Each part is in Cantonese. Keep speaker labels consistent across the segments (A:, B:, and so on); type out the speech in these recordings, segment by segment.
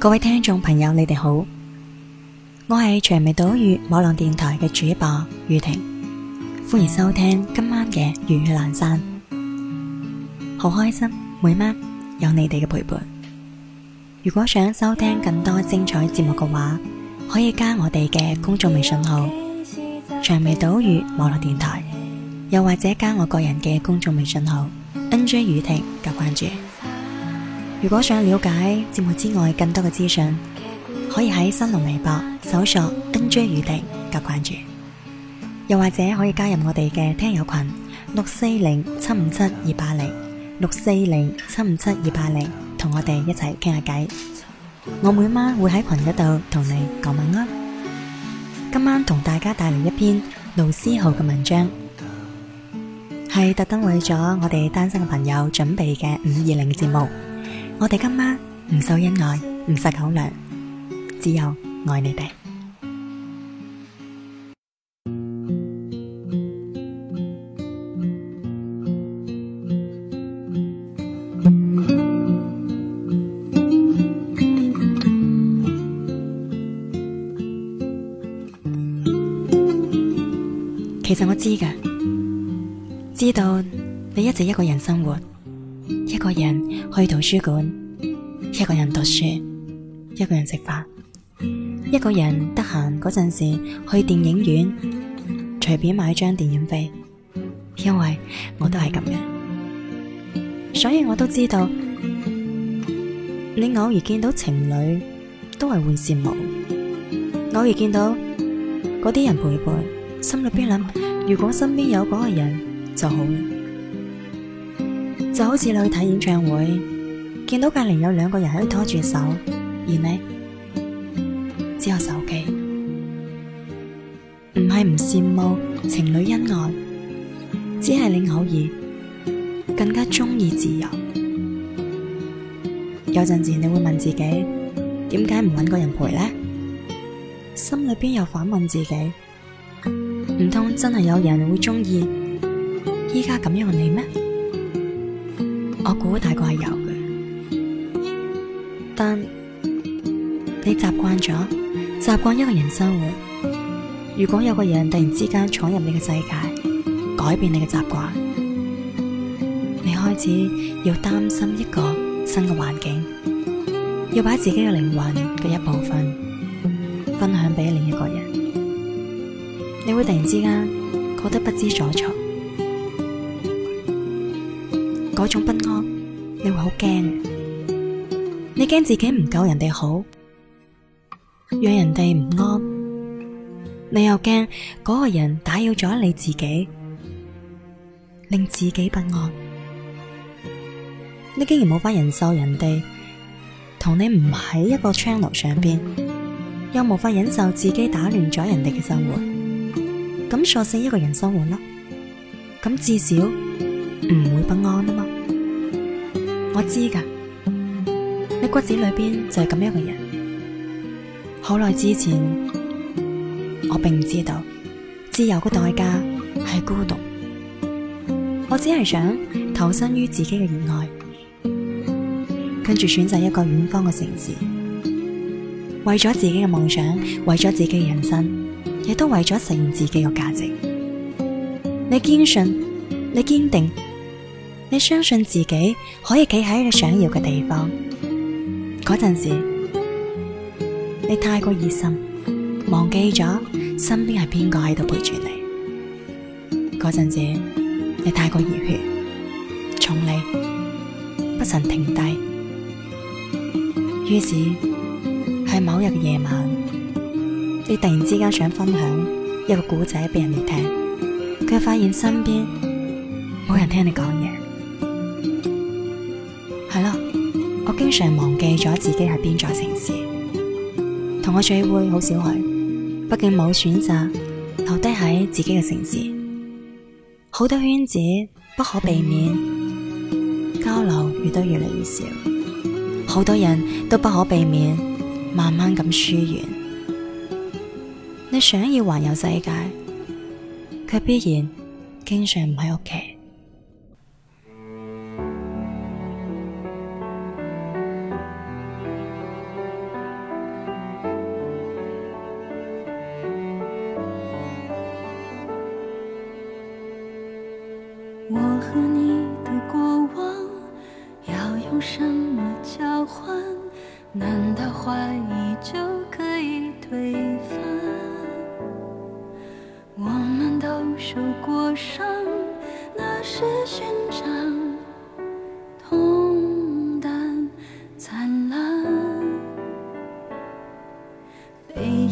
A: 各位聽眾朋友，你哋好，我係長尾島嶼網絡電台嘅主播宇婷，歡迎收聽今晚嘅粵語闌珊。好開心每晚有你哋嘅陪伴。如果想收聽更多精彩節目嘅話，可以加我哋嘅公眾微信號長尾島嶼網絡電台，又或者加我個人嘅公眾微信號 nj 宇婷加關注。如果想了解節目之外更多嘅資訊，可以喺新浪微博搜索 NJ 宇婷，及關注，又或者可以加入我哋嘅聽友群六四零七五七二八零六四零七五七二八零，同我哋一齊傾下偈。我每晚會喺群嗰度同你講晚安。今晚同大家帶嚟一篇盧思浩嘅文章，係特登為咗我哋單身嘅朋友準備嘅五二零節目。我哋今晚唔受恩愛，唔食狗糧，只有愛你哋。其實我知㗎，知道你一直一個人生活。去圖書館，一個人讀書，一個人食飯，一個人得閒嗰陣時去電影院，隨便買一張電影票，因為我都係咁樣，所以我都知道你偶爾見到情侶都係會羨慕，偶爾見到嗰啲人陪伴，心裏邊諗如果身邊有嗰個人就好了，就好似你去睇演唱會。見到隔籬有兩個人喺度拖住手，而你只有手機，唔係唔羨慕情侶恩愛，只係你偶爾更加中意自由。有陣時你會問自己，點解唔搵個人陪呢？心裏邊又反問自己，唔通真係有人會中意依家咁樣嘅你咩？我估大概係有。但你習慣咗，習慣一個人生活。如果有個人突然之間闖入你嘅世界，改變你嘅習慣，你開始要擔心一個新嘅環境，要把自己嘅靈魂嘅一部分分享俾另一個人，你會突然之間覺得不知所措，嗰種不安，你會好驚。驚自己唔夠人哋好，讓人哋唔安，你又驚嗰個人打擾咗你自己，令自己不安。你竟然冇法忍受人哋同你唔喺一個 channel 上邊，又無法忍受自己打亂咗人哋嘅生活，咁索性一個人生活啦。咁至少唔會不安啦嘛。我知噶。你骨子裏邊就係咁樣嘅人。好耐之前，我並唔知道自由嘅代價係孤獨。我只係想投身於自己嘅熱愛，跟住選擇一個遠方嘅城市，為咗自己嘅夢想，為咗自己嘅人生，亦都為咗實現自己嘅價值。你堅信，你堅定，你相信自己可以企喺你想要嘅地方。陣時，你太過熱心，忘記咗身邊係邊個喺度陪住你。陣時，你太過熱血，寵你不曾停低。於是喺某日嘅夜晚，你突然之間想分享一個古仔俾人哋聽，佢發現身邊冇人聽你講嘢。經常忘記咗自己係邊座城市，同我聚會好少去，畢竟冇選擇留低喺自己嘅城市，好多圈子不可避免交流，越得越嚟越少，好多人都不可避免慢慢咁疏遠。你想要環遊世界，卻必然經常唔喺屋企。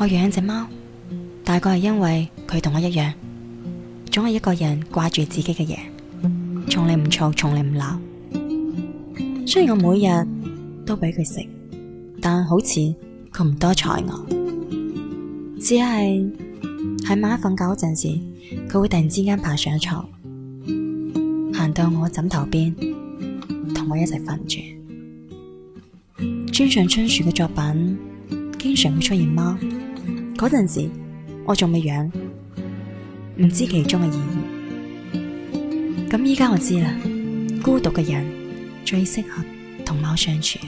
A: 我養隻貓，大概係因為佢同我一樣，總係一個人掛住自己嘅嘢，從嚟唔嘈，從嚟唔鬧。雖然我每日都俾佢食，但好似佢唔多睬我，只係喺晚黑瞓覺嗰陣時，佢會突然之間爬上一床，行到我枕頭邊，同我一齊瞓住。村上春樹嘅作品經常會出現貓。嗰陣時，我仲未養，唔知其中嘅意義。咁依家我知啦，孤獨嘅人最適合同貓相處，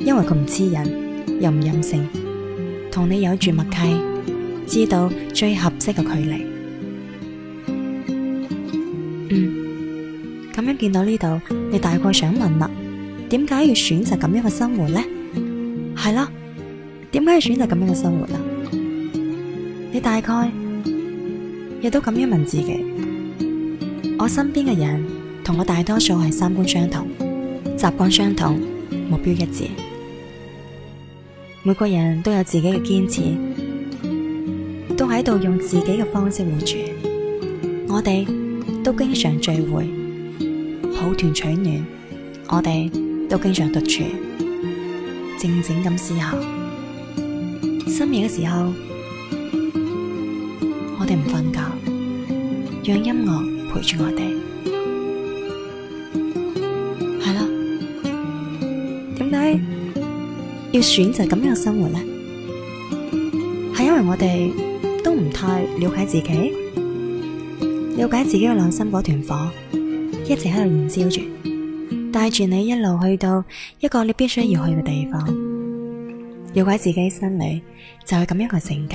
A: 因為佢唔知人，又唔任性，同你有住默契，知道最合適嘅距離。嗯，咁樣見到呢度，你大概想問啦，點解要選擇咁樣嘅生活呢？係啦。點解要選擇咁樣嘅生活啊？你大概亦都咁樣問自己。我身邊嘅人同我大多數係三觀相同、習慣相同、目標一致。每個人都有自己嘅堅持，都喺度用自己嘅方式活住。我哋都經常聚會，抱團取暖；我哋都經常獨處，靜靜咁思考。深夜嘅時候，我哋唔瞓覺，讓音樂陪住我哋，係咯？點解要選擇咁樣嘅生活呢？係因為我哋都唔太了解自己，了解自己嘅內心嗰團火，一直喺度燃燒住，帶住你一路去到一個你必須要去嘅地方。了解自己心理就係、是、咁樣嘅性格，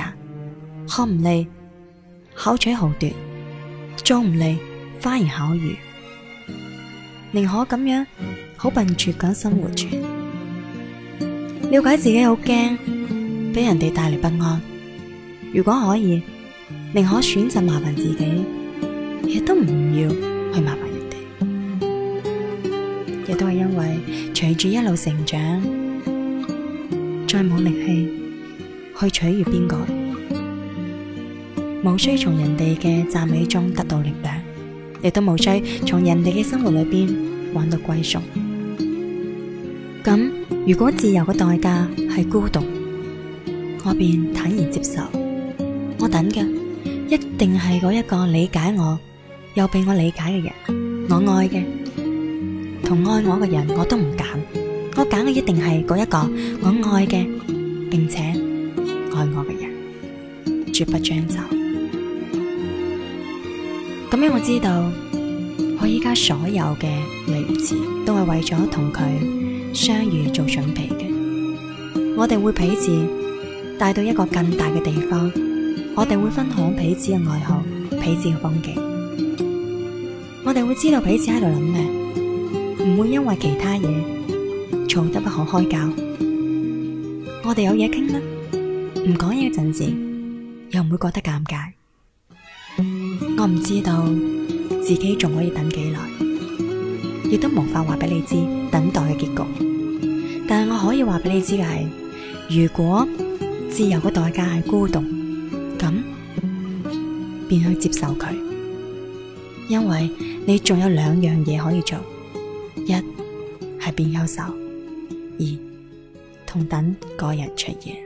A: 學唔嚟，巧取豪奪；做唔嚟，花言巧語。寧可咁樣好笨拙咁生活住。了解自己好驚，俾人哋帶嚟不安。如果可以，寧可選擇麻煩自己，亦都唔要去麻煩人哋。亦都係因為隨住一路成長。冇力氣去取悦邊個，無需從人哋嘅讚美中得到力量，亦都無需從人哋嘅生活裏邊揾到歸宿。咁如果自由嘅代價係孤獨，我便坦然接受。我等嘅一定係嗰一個理解我又被我理解嘅人，我愛嘅同愛我嘅人，我都唔揀揀嘅一定係嗰一個我、那個、愛嘅，並且愛我嘅人，絕不將就。咁樣我知道，我依家所有嘅離別都係為咗同佢相遇做準備嘅。我哋會彼此帶到一個更大嘅地方，我哋會分享彼此嘅愛好、彼此嘅風景，我哋會知道彼此喺度諗咩，唔會因為其他嘢。吵得不可開交，我哋有嘢傾啦，唔講嘢嘅陣時又唔會覺得尷尬。我唔知道自己仲可以等幾耐，亦都無法話俾你知等待嘅結局。但係我可以話俾你知嘅係，如果自由嘅代價係孤獨，咁便去接受佢，因為你仲有兩樣嘢可以做，一係變優秀。二，同等個
B: 人出現。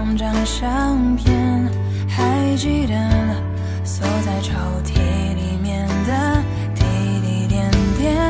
C: 兩張相片，還記得鎖在抽屜裏面的滴滴點點。